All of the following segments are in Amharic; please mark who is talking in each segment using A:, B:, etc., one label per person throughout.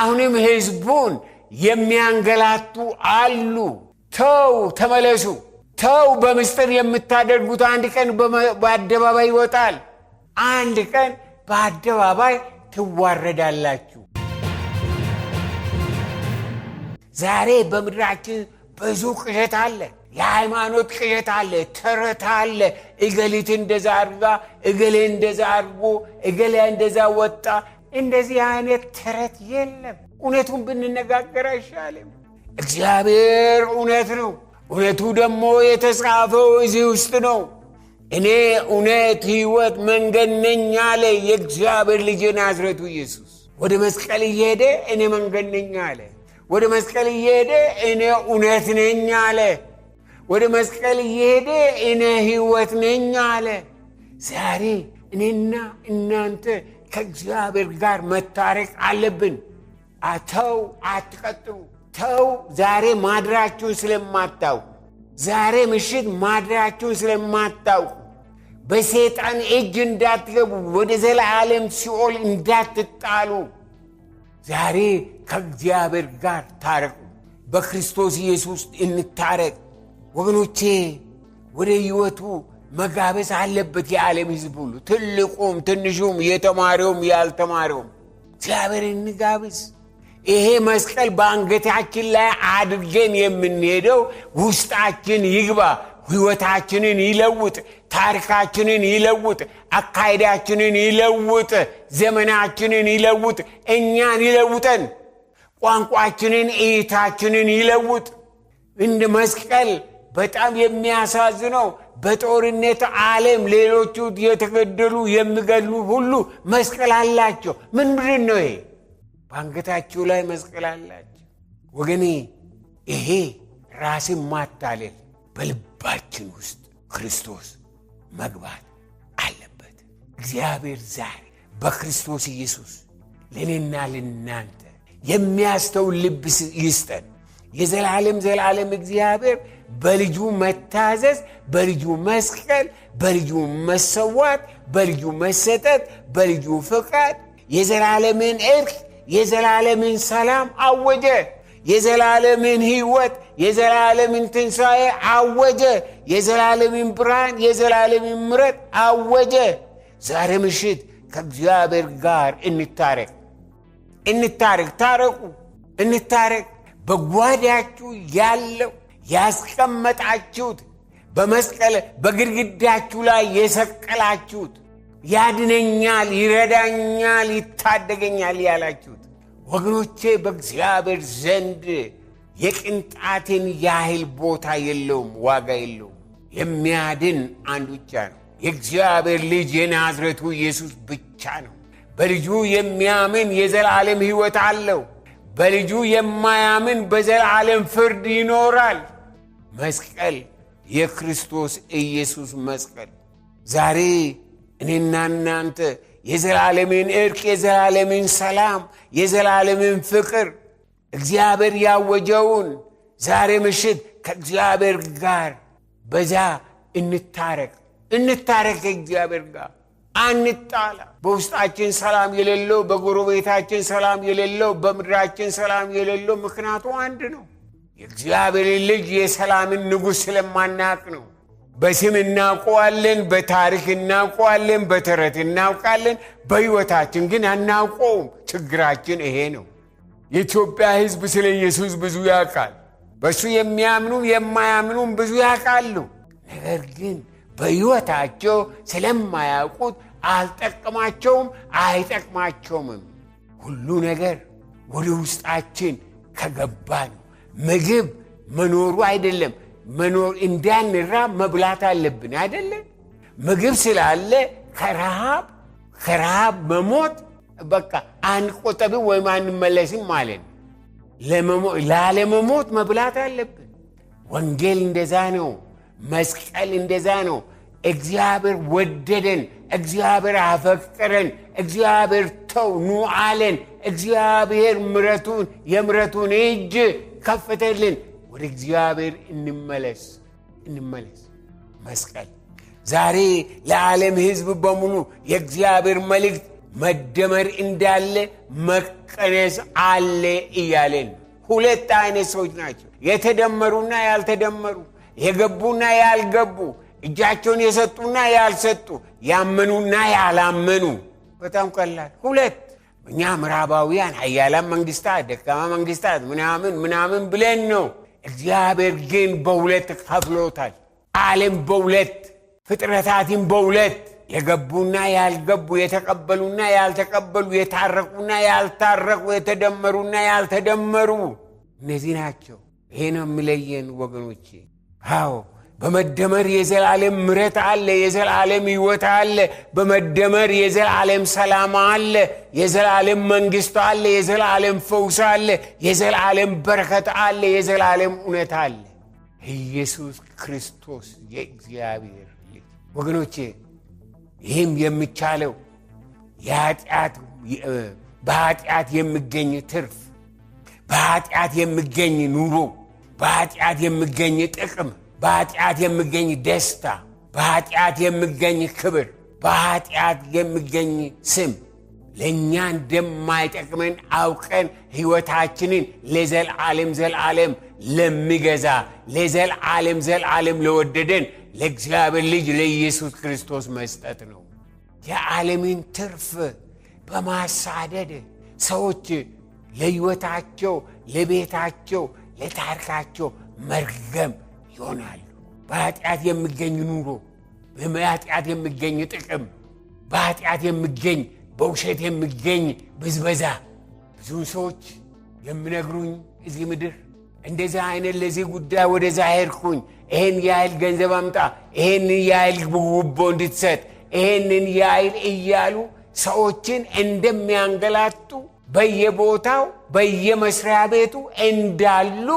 A: አሁንም ህዝቡን የሚያንገላቱ አሉ። ተው ተመለሱ፣ ተው በምስጢር የምታደርጉት አንድ ቀን በአደባባይ ይወጣል። አንድ ቀን በአደባባይ ትዋረዳላችሁ። ዛሬ በምድራችን ብዙ ቅዠት አለ። የሃይማኖት ቅዠት አለ፣ ተረት አለ። እገሊት እንደዛ አድርጋ፣ እገሌ እንደዛ አድርጎ፣ እገሌ እንደዛ ወጣ፣ እንደዚህ አይነት ተረት የለም። እውነቱን ብንነጋገር አይሻልም? እግዚአብሔር እውነት ነው። እውነቱ ደግሞ የተጻፈው እዚህ ውስጥ ነው። እኔ እውነት፣ ሕይወት፣ መንገድ ነኝ አለ የእግዚአብሔር ልጅ ናዝረቱ ኢየሱስ። ወደ መስቀል እየሄደ እኔ መንገድ ነኝ አለ። ወደ መስቀል እየሄደ እኔ እውነት ነኝ አለ። ወደ መስቀል እየሄደ እኔ ሕይወት ነኝ አለ። ዛሬ እኔና እናንተ ከእግዚአብሔር ጋር መታረቅ አለብን። ተው አትቀጥሉ። ተው ዛሬ ማድራችሁን ስለማታውቁ፣ ዛሬ ምሽት ማድራችሁን ስለማታውቁ በሰይጣን እጅ እንዳትገቡ፣ ወደ ዘላለም ሲኦል እንዳትጣሉ ዛሬ ከእግዚአብሔር ጋር ታረቁ። በክርስቶስ ኢየሱስ እንታረቅ ወገኖቼ ወደ ሕይወቱ መጋበዝ አለበት የዓለም ህዝብ ሁሉ ትልቁም ትንሹም የተማሪውም ያልተማሪውም እግዚአብሔር እንጋብዝ። ይሄ መስቀል በአንገታችን ላይ አድርገን የምንሄደው ውስጣችን ይግባ፣ ህይወታችንን ይለውጥ፣ ታሪካችንን ይለውጥ፣ አካሄዳችንን ይለውጥ፣ ዘመናችንን ይለውጥ፣ እኛን ይለውጠን፣ ቋንቋችንን፣ እይታችንን ይለውጥ እንደ መስቀል በጣም የሚያሳዝነው በጦርነት ዓለም ሌሎቹ የተገደሉ የሚገሉ ሁሉ መስቀል አላቸው። ምን ምንድን ነው ይሄ? በአንገታችሁ ላይ መስቀል አላቸው። ወገኔ ይሄ ራስን ማታለል፣ በልባችን ውስጥ ክርስቶስ መግባት አለበት። እግዚአብሔር ዛሬ በክርስቶስ ኢየሱስ ለእኔና ለእናንተ የሚያስተውል ልብ ይስጠን። የዘላለም ዘላለም እግዚአብሔር በልጁ መታዘዝ፣ በልጁ መስቀል፣ በልጁ መሰዋት፣ በልጁ መሰጠት፣ በልጁ ፍቃድ የዘላለምን እርቅ፣ የዘላለምን ሰላም አወጀ። የዘላለምን ሕይወት፣ የዘላለምን ትንሣኤ አወጀ። የዘላለምን ብርሃን፣ የዘላለምን ምረት አወጀ። ዛሬ ምሽት ከእግዚአብሔር ጋር እንታረቅ፣ እንታረቅ፣ ታረቁ፣ እንታረቅ። በጓዳችሁ ያለው ያስቀመጣችሁት በመስቀል በግድግዳችሁ ላይ የሰቀላችሁት ያድነኛል፣ ይረዳኛል፣ ይታደገኛል ያላችሁት ወገኖቼ በእግዚአብሔር ዘንድ የቅንጣቴን ያህል ቦታ የለውም፣ ዋጋ የለውም። የሚያድን አንድ ብቻ ነው፣ የእግዚአብሔር ልጅ የናዝረቱ ኢየሱስ ብቻ ነው። በልጁ የሚያምን የዘላለም ሕይወት አለው። በልጁ የማያምን በዘላለም ፍርድ ይኖራል። መስቀል የክርስቶስ ኢየሱስ መስቀል ዛሬ እኔና እናንተ የዘላለምን እርቅ፣ የዘላለምን ሰላም፣ የዘላለምን ፍቅር እግዚአብሔር ያወጀውን ዛሬ ምሽት ከእግዚአብሔር ጋር በዛ እንታረቅ እንታረቅ ከእግዚአብሔር ጋር አንጣላ። በውስጣችን ሰላም የሌለው፣ በጎረቤታችን ሰላም የሌለው፣ በምድራችን ሰላም የሌለው ምክንያቱ አንድ ነው። የእግዚአብሔር ልጅ የሰላምን ንጉሥ ስለማናቅ ነው። በስም እናውቀዋለን፣ በታሪክ እናውቀዋለን፣ በተረት እናውቃለን። በሕይወታችን ግን አናውቀውም። ችግራችን ይሄ ነው። የኢትዮጵያ ሕዝብ ስለ ኢየሱስ ብዙ ያውቃል። በእሱ የሚያምኑ የማያምኑም ብዙ ያውቃሉ። ነገር ግን በሕይወታቸው ስለማያውቁት አልጠቅማቸውም፣ አይጠቅማቸውምም። ሁሉ ነገር ወደ ውስጣችን ከገባ ነው። ምግብ መኖሩ አይደለም መኖር እንዳንራ መብላት አለብን አይደለም። ምግብ ስላለ ከረሃብ ከረሃብ መሞት በቃ አንቆጠብም ወይም አንመለስም ማለት ነው። ላለመሞት መብላት አለብን። ወንጌል እንደዛ ነው። መስቀል እንደዛ ነው። እግዚአብሔር ወደደን፣ እግዚአብሔር አፈቀረን፣ እግዚአብሔር ተው ኑ አለን። እግዚአብሔር ምረቱን የምረቱን እጅ ከፈተልን። ወደ እግዚአብሔር እንመለስ እንመለስ። መስቀል ዛሬ ለዓለም ሕዝብ በሙሉ የእግዚአብሔር መልእክት መደመር እንዳለ መቀነስ አለ እያለን ሁለት አይነት ሰዎች ናቸው፣ የተደመሩና ያልተደመሩ፣ የገቡና ያልገቡ እጃቸውን የሰጡና ያልሰጡ፣ ያመኑና ያላመኑ። በጣም ቀላል። ሁለት እኛ ምዕራባውያን ሀያላን መንግስታት፣ ደካማ መንግስታት ምናምን ምናምን ብለን ነው። እግዚአብሔር ግን በሁለት ከፍሎታል። ዓለም በሁለት ፍጥረታትን በሁለት የገቡና ያልገቡ የተቀበሉና ያልተቀበሉ የታረቁና ያልታረቁ የተደመሩና ያልተደመሩ እነዚህ ናቸው። ይሄ ነው የሚለየን ወገኖቼ። አዎ በመደመር የዘላለም ምረት አለ፣ የዘላለም ህይወት አለ። በመደመር የዘላለም ሰላም አለ፣ የዘላለም መንግስት አለ፣ የዘላለም ፈውስ አለ፣ የዘላለም በረከት አለ፣ የዘላለም እውነት አለ። ኢየሱስ ክርስቶስ የእግዚአብሔር ልጅ ወገኖቼ፣ ይህም የሚቻለው በኃጢአት የሚገኝ ትርፍ፣ በኃጢአት የሚገኝ ኑሮ፣ በኃጢአት የሚገኝ ጥቅም በኃጢአት የሚገኝ ደስታ፣ በኃጢአት የሚገኝ ክብር፣ በኃጢአት የሚገኝ ስም ለእኛ እንደማይጠቅመን አውቀን ሕይወታችንን ለዘልዓለም ዘልዓለም ለሚገዛ ለዘልዓለም ዘልዓለም ለወደደን ለእግዚአብሔር ልጅ ለኢየሱስ ክርስቶስ መስጠት ነው። የዓለምን ትርፍ በማሳደድ ሰዎች ለሕይወታቸው፣ ለቤታቸው፣ ለታሪካቸው መርገም ይሆናሉ። በኃጢአት የሚገኝ ኑሮ፣ በኃጢአት የሚገኝ ጥቅም፣ በኃጢአት የሚገኝ በውሸት የሚገኝ ብዝበዛ ብዙን ሰዎች የሚነግሩኝ እዚህ ምድር እንደዚህ አይነት ለዚህ ጉዳይ ወደዛ ሄድኩኝ፣ ይሄን ያህል ገንዘብ አምጣ፣ ይሄንን ያህል ጉቦ እንድትሰጥ፣ ይሄንን ያህል እያሉ ሰዎችን እንደሚያንገላቱ በየቦታው በየመስሪያ ቤቱ እንዳሉ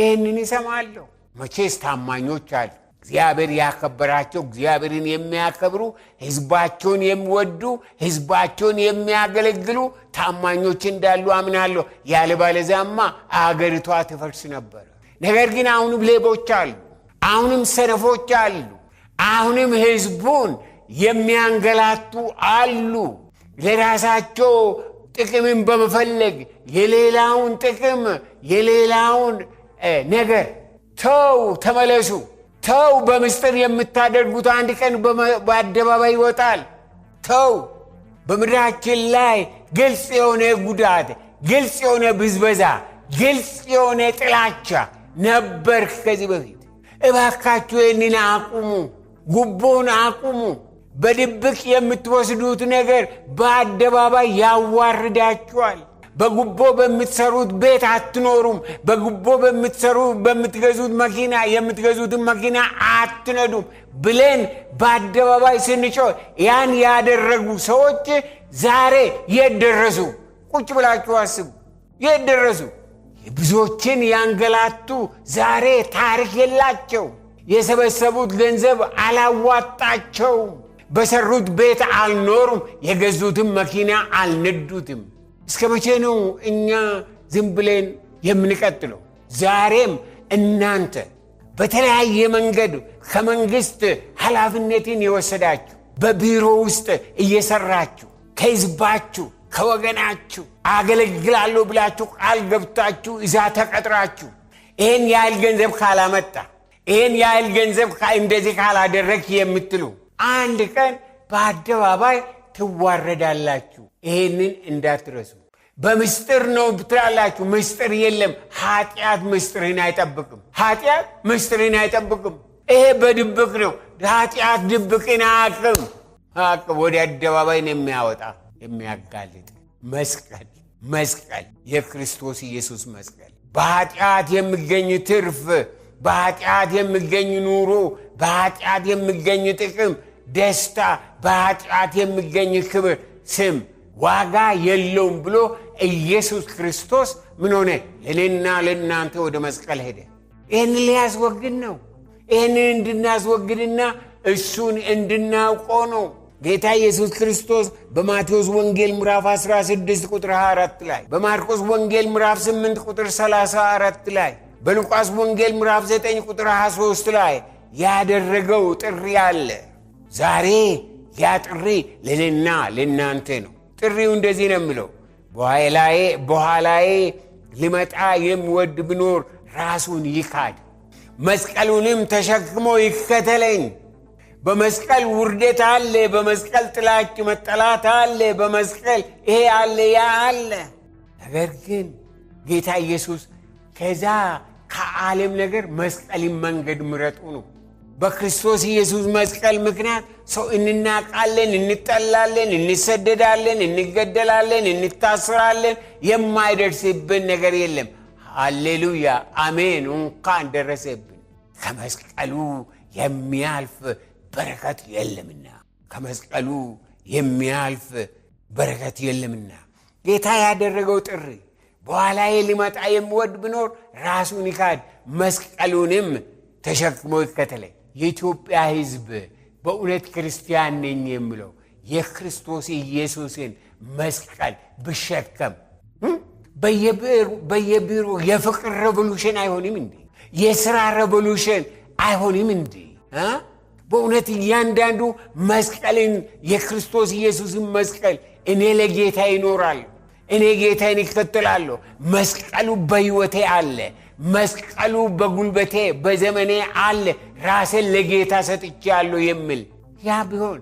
A: ይህንን ይሰማለሁ። መቼስ ታማኞች አሉ። እግዚአብሔር ያከበራቸው እግዚአብሔርን የሚያከብሩ ህዝባቸውን የሚወዱ ህዝባቸውን የሚያገለግሉ ታማኞች እንዳሉ አምናለሁ። ያለባለዚያማ አገሪቷ ትፈርስ ነበረ። ነገር ግን አሁንም ሌቦች አሉ፣ አሁንም ሰነፎች አሉ፣ አሁንም ህዝቡን የሚያንገላቱ አሉ። ለራሳቸው ጥቅምን በመፈለግ የሌላውን ጥቅም የሌላውን ነገር ተው ተመለሱ፣ ተው በምስጢር የምታደርጉት አንድ ቀን በአደባባይ ይወጣል። ተው በምድራችን ላይ ግልጽ የሆነ ጉዳት፣ ግልጽ የሆነ ብዝበዛ፣ ግልጽ የሆነ ጥላቻ ነበር ከዚህ በፊት። እባካችሁ ይህንን አቁሙ፣ ጉቦን አቁሙ። በድብቅ የምትወስዱት ነገር በአደባባይ ያዋርዳችኋል። በጉቦ በምትሰሩት ቤት አትኖሩም። በጉቦ በምትሰሩ በምትገዙት መኪና የምትገዙትን መኪና አትነዱም ብለን በአደባባይ ስንጮ ያን ያደረጉ ሰዎች ዛሬ የት ደረሱ? ቁጭ ብላችሁ አስቡ። የት ደረሱ? ብዙዎችን ያንገላቱ ዛሬ ታሪክ የላቸው። የሰበሰቡት ገንዘብ አላዋጣቸውም። በሰሩት ቤት አልኖሩም። የገዙትም መኪና አልነዱትም። እስከ መቼ ነው እኛ ዝም ብለን የምንቀጥለው? ዛሬም እናንተ በተለያየ መንገድ ከመንግስት ኃላፊነትን የወሰዳችሁ በቢሮ ውስጥ እየሰራችሁ ከህዝባችሁ ከወገናችሁ አገለግላለሁ ብላችሁ ቃል ገብታችሁ እዛ ተቀጥራችሁ ይህን ያህል ገንዘብ ካላመጣ ይህን ያህል ገንዘብ እንደዚህ ካላደረግ የምትሉ አንድ ቀን በአደባባይ ትዋረዳላችሁ። ይሄንን እንዳትረሱ። በምስጢር ነው ትላላችሁ፣ ምስጢር የለም። ኃጢአት ምስጢርን አይጠብቅም። ኃጢአት ምስጢርን አይጠብቅም። ይሄ በድብቅ ነው። ኃጢአት ድብቅን አቅም አቅም ወደ አደባባይን የሚያወጣ የሚያጋልጥ መስቀል መስቀል የክርስቶስ ኢየሱስ መስቀል በኃጢአት የሚገኝ ትርፍ፣ በኃጢአት የሚገኝ ኑሮ፣ በኃጢአት የሚገኝ ጥቅም ደስታ፣ በኃጢአት የሚገኝ ክብር፣ ስም ዋጋ የለውም ብሎ ኢየሱስ ክርስቶስ ምን ሆነ? ለእኔና ለእናንተ ወደ መስቀል ሄደ። ይህን ሊያስወግድ ነው። ይህንን እንድናስወግድና እሱን እንድናውቆ ነው። ጌታ ኢየሱስ ክርስቶስ በማቴዎስ ወንጌል ምዕራፍ 16 ቁጥር 24 ላይ፣ በማርቆስ ወንጌል ምዕራፍ 8 ቁጥር 34 ላይ፣ በሉቃስ ወንጌል ምዕራፍ 9 ቁጥር 23 ላይ ያደረገው ጥሪ አለ። ዛሬ ያ ጥሪ ለእኔና ለእናንተ ነው። ጥሪው እንደዚህ ነው የምለው፣ በኋላዬ ሊመጣ የሚወድ ቢኖር ራሱን ይካድ፣ መስቀሉንም ተሸክሞ ይከተለኝ። በመስቀል ውርደት አለ፣ በመስቀል ጥላች መጠላት አለ፣ በመስቀል ይሄ አለ፣ ያ አለ። ነገር ግን ጌታ ኢየሱስ ከዛ ከዓለም ነገር መስቀልን መንገድ ምረጡ ነው በክርስቶስ ኢየሱስ መስቀል ምክንያት ሰው እንናቃለን፣ እንጠላለን፣ እንሰደዳለን፣ እንገደላለን፣ እንታስራለን። የማይደርስብን ነገር የለም። ሃሌሉያ አሜን። እንኳን ደረሰብን። ከመስቀሉ የሚያልፍ በረከት የለምና ከመስቀሉ የሚያልፍ በረከት የለምና ጌታ ያደረገው ጥሪ በኋላዬ ሊመጣ የሚወድ ቢኖር ራሱን ይካድ መስቀሉንም ተሸክሞ ይከተለኝ። የኢትዮጵያ ሕዝብ በእውነት ክርስቲያን ነኝ የሚለው የክርስቶስ ኢየሱስን መስቀል ብሸከም በየቢሮ የፍቅር ሬቮሉሽን አይሆንም እንዴ? የስራ ሬቮሉሽን አይሆንም እንዴ? በእውነት እያንዳንዱ መስቀልን የክርስቶስ ኢየሱስን መስቀል እኔ ለጌታ ይኖራል፣ እኔ ጌታን ይከተላለሁ፣ መስቀሉ በሕይወቴ አለ፣ መስቀሉ በጉልበቴ በዘመኔ አለ ራሴን ለጌታ ሰጥቻለሁ የሚል ያ ቢሆን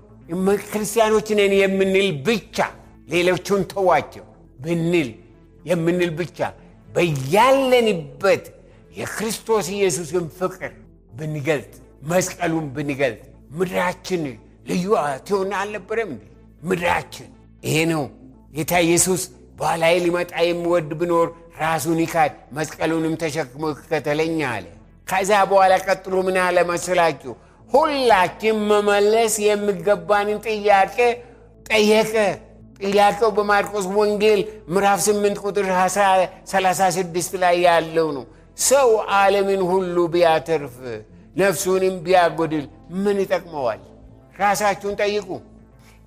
A: ክርስቲያኖች ነን የምንል ብቻ ሌሎቹን ተዋቸው ብንል የምንል ብቻ በያለንበት የክርስቶስ ኢየሱስን ፍቅር ብንገልጥ መስቀሉን ብንገልጥ ምድራችን ልዩ ትሆን አልነበረም? ምድራችን ይሄ ነው። ጌታ ኢየሱስ በኋላዬ ሊመጣ የሚወድ ቢኖር ራሱን ይካድ መስቀሉንም ተሸክሞ ይከተለኝ አለ። ከዛ በኋላ ቀጥሎ ምን አለ መስላችሁ ሁላችን መመለስ የሚገባንን ጥያቄ ጠየቀ። ጥያቄው በማርቆስ ወንጌል ምዕራፍ 8 ቁጥር 36 ላይ ያለው ነው። ሰው ዓለምን ሁሉ ቢያተርፍ ነፍሱንም ቢያጎድል ምን ይጠቅመዋል? ራሳችሁን ጠይቁ።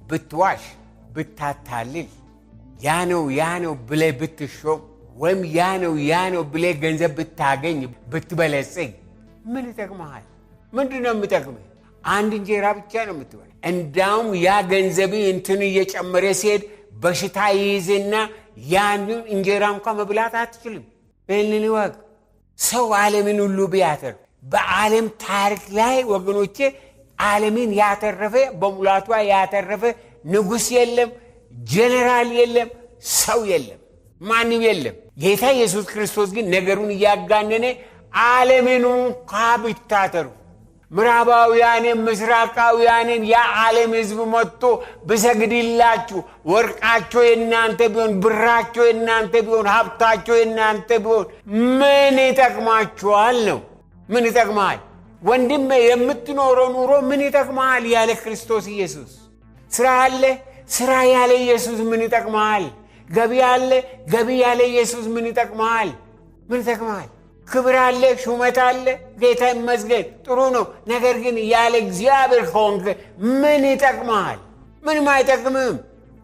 A: ብትዋሽ፣ ብታታልል፣ ያ ነው ያ ነው ብለህ ብትሾም ወይም ያ ነው ያ ነው ብሌ ገንዘብ ብታገኝ ብትበለጽግ ምን ይጠቅመሃል? ምንድን ነው የምጠቅምህ? አንድ እንጀራ ብቻ ነው የምትበላ። እንዳውም ያ ገንዘብ እንትን እየጨመረ ሲሄድ በሽታ ይይዝና ያን እንጀራ እንኳ መብላት አትችልም። ይህንን ወቅ ሰው ዓለምን ሁሉ ቢያተር በዓለም ታሪክ ላይ ወገኖቼ ዓለምን ያተረፈ በሙላቷ ያተረፈ ንጉሥ የለም፣ ጀኔራል የለም፣ ሰው የለም። ማንም የለም። ጌታ ኢየሱስ ክርስቶስ ግን ነገሩን እያጋነነ ዓለምንም ብታተሩ ምዕራባውያንም ምስራቃውያንም የዓለም ሕዝብ መጥቶ ብሰግድላችሁ ወርቃቸው የእናንተ ቢሆን ብራቸው የናንተ ቢሆን ሀብታቸው የእናንተ ቢሆን ምን ይጠቅማችኋል? ነው ምን ይጠቅመሃል? ወንድም? የምትኖረው ኑሮ ምን ይጠቅመሃል? ያለ ክርስቶስ ኢየሱስ ስራ አለ። ስራ ያለ ኢየሱስ ምን ይጠቅመሃል? ገቢ አለ። ገቢ ያለ ኢየሱስ ምን ይጠቅመዋል? ምን ይጠቅመዋል? ክብር አለ፣ ሹመት አለ። ጌታ ይመስገን ጥሩ ነው። ነገር ግን ያለ እግዚአብሔር ከሆንክ ምን ይጠቅመሃል? ምንም አይጠቅምም።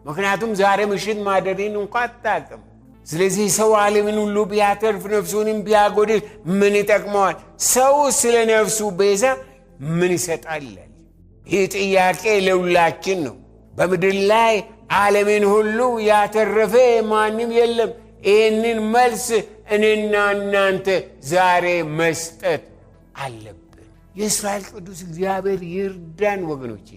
A: ምክንያቱም ዛሬ ምሽት ማደሪን እንኳ አታቅም። ስለዚህ ሰው ዓለምን ሁሉ ቢያተርፍ ነፍሱንም ቢያጎድል ምን ይጠቅመዋል? ሰው ስለ ነፍሱ ቤዛ ምን ይሰጣል? ይህ ጥያቄ ለሁላችን ነው። በምድር ላይ ዓለምን ሁሉ ያተረፈ ማንም የለም። ይህንን መልስ እኔና እናንተ ዛሬ መስጠት አለብን። የእስራኤል ቅዱስ እግዚአብሔር ይርዳን ወገኖቼ።